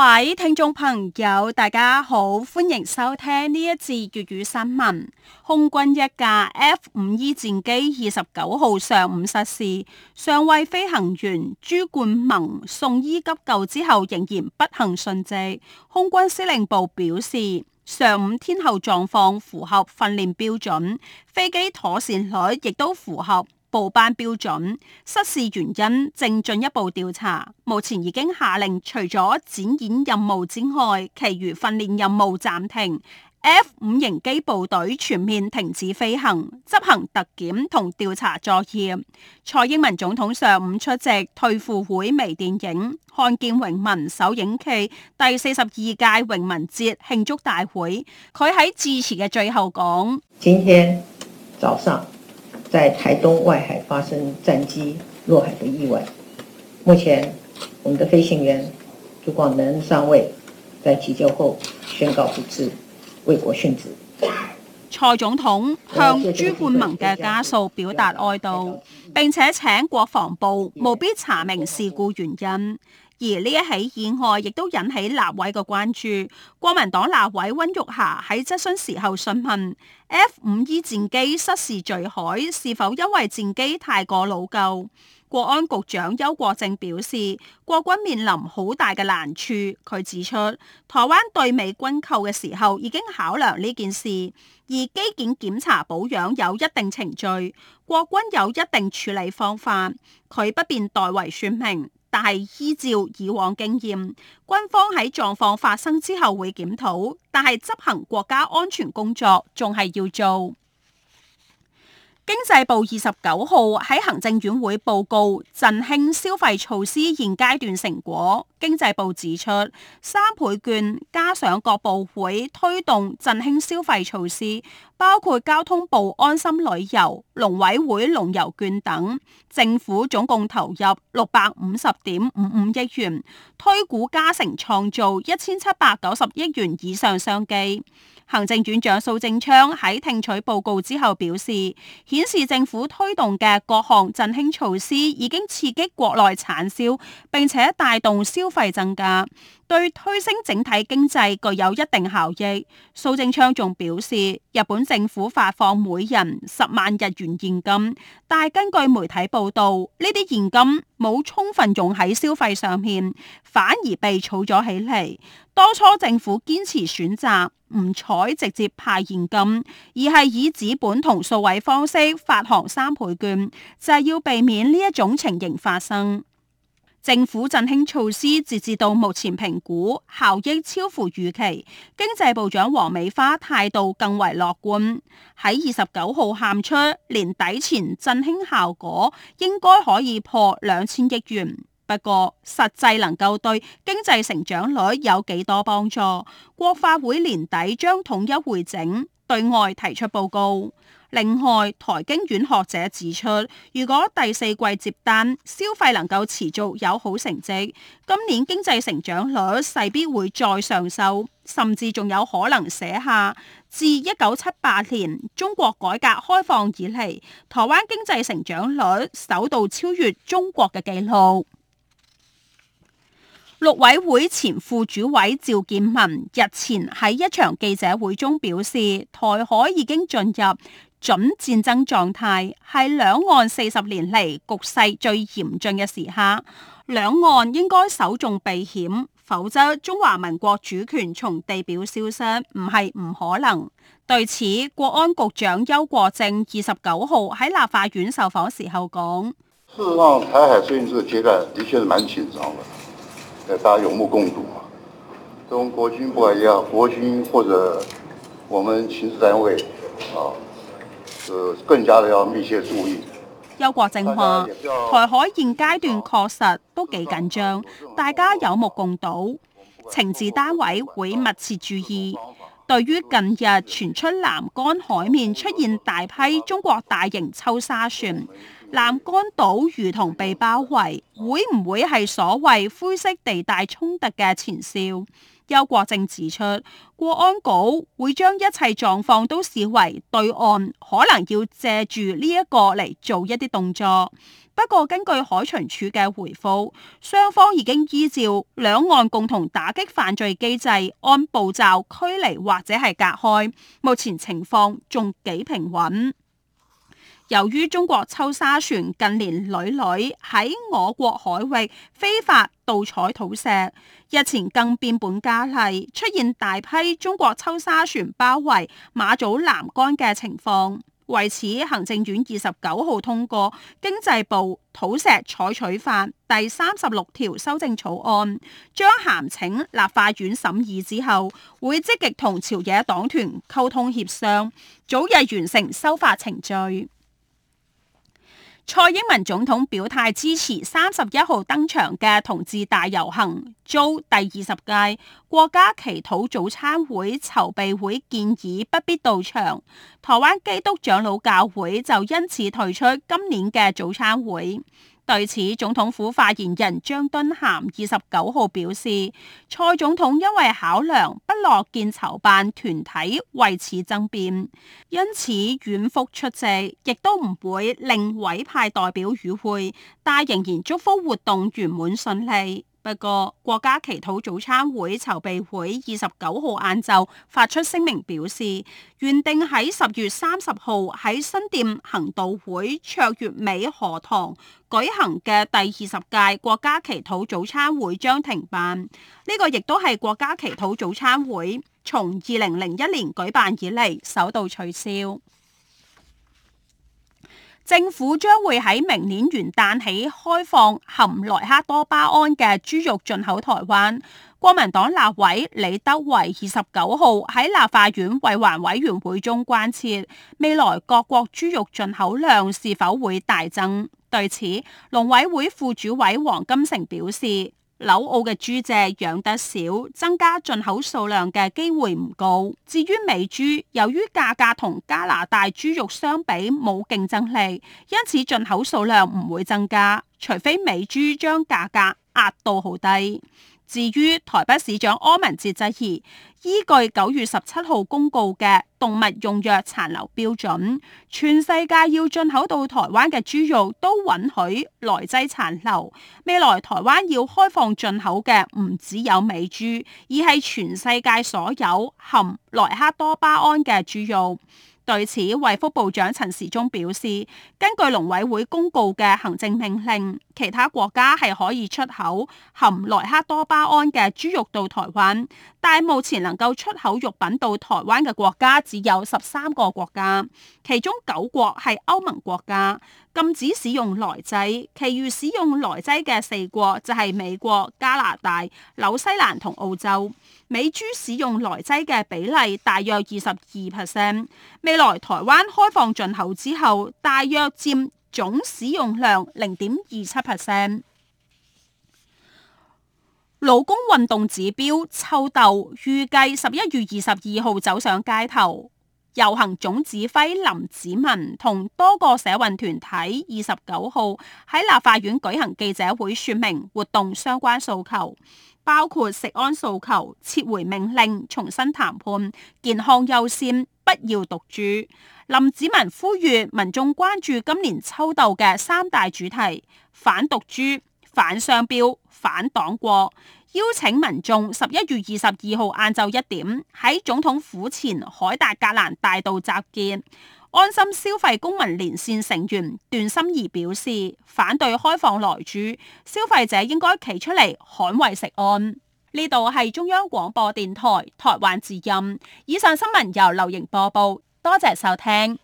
各位聽眾朋友，大家好，歡迎收聽呢一次粵語新聞。空軍一架 F-5E 戰機二十九號上午失事，上尉飛行員朱冠甍送醫急救之後仍然不幸殉職。空軍司令部表示，上午天候狀況符合訓練標準，飛機妥善率亦都符合。報班標準，失事原因正進一步調查，目前已經下令除咗展演任務之外，其餘訓練任務暫停。F 五型機部隊全面停止飛行，執行特檢同調查作業。蔡英文總統上午出席退輔會微電影，看見榮民」首映期第四十二屆榮民節慶祝大會，佢喺致辭嘅最後講：，今天早上。在台東外海發生戰機落海的意外，目前我們的飛行員朱冠甍上尉，在急救後宣告不治，為國殉職。蔡總統向朱冠甍嘅家屬表達哀悼，並且請國防部務必查明事故原因。而呢一起意外亦都引起立委嘅關注。國民黨立委溫玉霞喺質詢時候詢問：F 五 E 戰機失事墜海，是否因為戰機太過老舊？國安局長邱國正表示，國軍面臨好大嘅難處。佢指出，台灣對美軍購嘅時候已經考量呢件事，而機檢檢查保養有一定程序，國軍有一定處理方法，佢不便代為說明。但係依照以往經驗，軍方喺狀況發生之後會檢討，但係執行國家安全工作仲係要做。經濟部二十九號喺行政院會報告振興消費措施現階段成果。經濟部指出，三倍券加上各部會推動振興消費措施。包括交通部安心旅遊、農委會農遊券等，政府總共投入六百五十點五五億元，推估加成創造一千七百九十億元以上商機。行政院長蘇貞昌喺聽取報告之後表示，顯示政府推動嘅各項振興措施已經刺激國內產銷，並且帶動消費增加，對推升整體經濟具有一定效益。蘇貞昌仲表示，日本。政府發放每人十萬日元現金，但係根據媒體報道，呢啲現金冇充分用喺消費上面，反而被儲咗起嚟。當初政府堅持選擇唔採直接派現金，而係以紙本同數位方式發行三倍券，就係要避免呢一種情形發生。政府振興措施截至到目前評估效益超乎預期，經濟部長王美花態度更為樂觀。喺二十九號喊出年底前振興效果應該可以破兩千億元，不過實際能夠對經濟成長率有幾多幫助，國發會年底將統一匯整。對外提出報告。另外，台經院學者指出，如果第四季接單消費能夠持續有好成績，今年經濟成長率勢必會再上升，甚至仲有可能寫下自一九七八年中國改革開放以嚟台灣經濟成長率首度超越中國嘅紀錄。陸委會前副主委趙建民日前喺一場記者會中表示，台海已經進入準戰爭狀態，係兩岸四十年嚟，局勢最嚴峻嘅時刻，兩岸應該首重避險，否則中華民國主權從地表消失唔係唔可能。對此，國安局長邱國正二十九號喺立法院受訪時候講：大家有目共睹嘛，中國軍不一樣啊，國軍或者我們情治單位，啊，就、呃、更加的要密切注意。邱國正話，台海現階段確實都幾緊張，大家有目共睹，情治單位會密切注意。對於近日傳出南竿海面出現大批中國大型抽砂船。南竿島如同被包圍，會唔會係所謂灰色地帶衝突嘅前兆？邱國正指出，國安局會將一切狀況都視為對岸，可能要借住呢一個嚟做一啲動作。不過，根據海巡署嘅回覆，雙方已經依照兩岸共同打擊犯罪機制，按步驟驅離或者係隔開，目前情況仲幾平穩。由於中國抽沙船近年屢屢喺我國海域非法盜採土石，日前更變本加厲，出現大批中國抽沙船包圍馬祖南竿嘅情況。為此，行政院二十九號通過《經濟部土石採取法》第三十六條修正草案，將函請立法院審議之後，會積極同朝野黨團溝通協商，早日完成修法程序。蔡英文總統表態支持三十一號登場嘅同志大遊行，遭第二十屆國家祈禱早餐會籌備會建議不必到場，台灣基督長老教會就因此退出今年嘅早餐會。對此，總統府發言人張敦涵二十九號表示，蔡總統因為考量不樂見籌辦團體為此爭辯，因此遠赴出席，亦都唔會令委派代表與會，但仍然祝福活動圓滿順利。一個，國家祈禱早餐會籌備會二十九號晏晝發出聲明表示，原定喺十月三十號喺新店行道會卓越美荷堂舉行嘅第二十屆國家祈禱早餐會將停辦，呢、這個亦都係國家祈禱早餐會從二零零一年舉辦以嚟首度取消。政府將會喺明年元旦起開放含萊克多巴胺嘅豬肉進口台灣。國民黨立委李德維二十九號喺立法院衞環委員會中關切未來各國豬肉進口量是否會大增。對此，農委會副主委黃金城表示。紐澳嘅豬隻養得少，增加進口數量嘅機會唔高。至於美豬，由於價格同加拿大豬肉相比冇競爭力，因此進口數量唔會增加，除非美豬將價格壓到好低。至於台北市長柯文哲質疑，依據九月十七號公告嘅動物用藥殘留標準，全世界要進口到台灣嘅豬肉都允許萊劑殘留。未來台灣要開放進口嘅唔只有美豬，而係全世界所有含萊克多巴胺嘅豬肉。對此，衛福部長陳時中表示，根據農委會公告嘅行政命令，其他國家係可以出口含萊克多巴胺嘅豬肉到台灣。但目前能夠出口肉品到台灣嘅國家只有十三個國家，其中九國係歐盟國家，禁止使用萊劑，其餘使用萊劑嘅四國就係美國、加拿大、紐西蘭同澳洲。美豬使用萊劑嘅比例大約二十二 percent，未來台灣開放進口之後，大約占總使用量零點二七 percent。勞工運動指標秋鬥預計十一月二十二號走上街頭，遊行總指揮林子文同多個社運團體二十九號喺立法院舉行記者會，說明活動相關訴求，包括食安訴求、撤回命令、重新談判、健康優先、不要毒豬。林子文呼籲民眾關注今年秋鬥嘅三大主題：反毒豬。反商標、反黨國，邀請民眾十一月二十二號晏晝一點喺總統府前凱達格蘭大道集結。安心消費公民連線成員段心儀表示，反對開放萊豬，消費者應該企出嚟捍衛食安。呢度係中央廣播電台台灣之音，以上新聞由劉瑩播報，多謝收聽。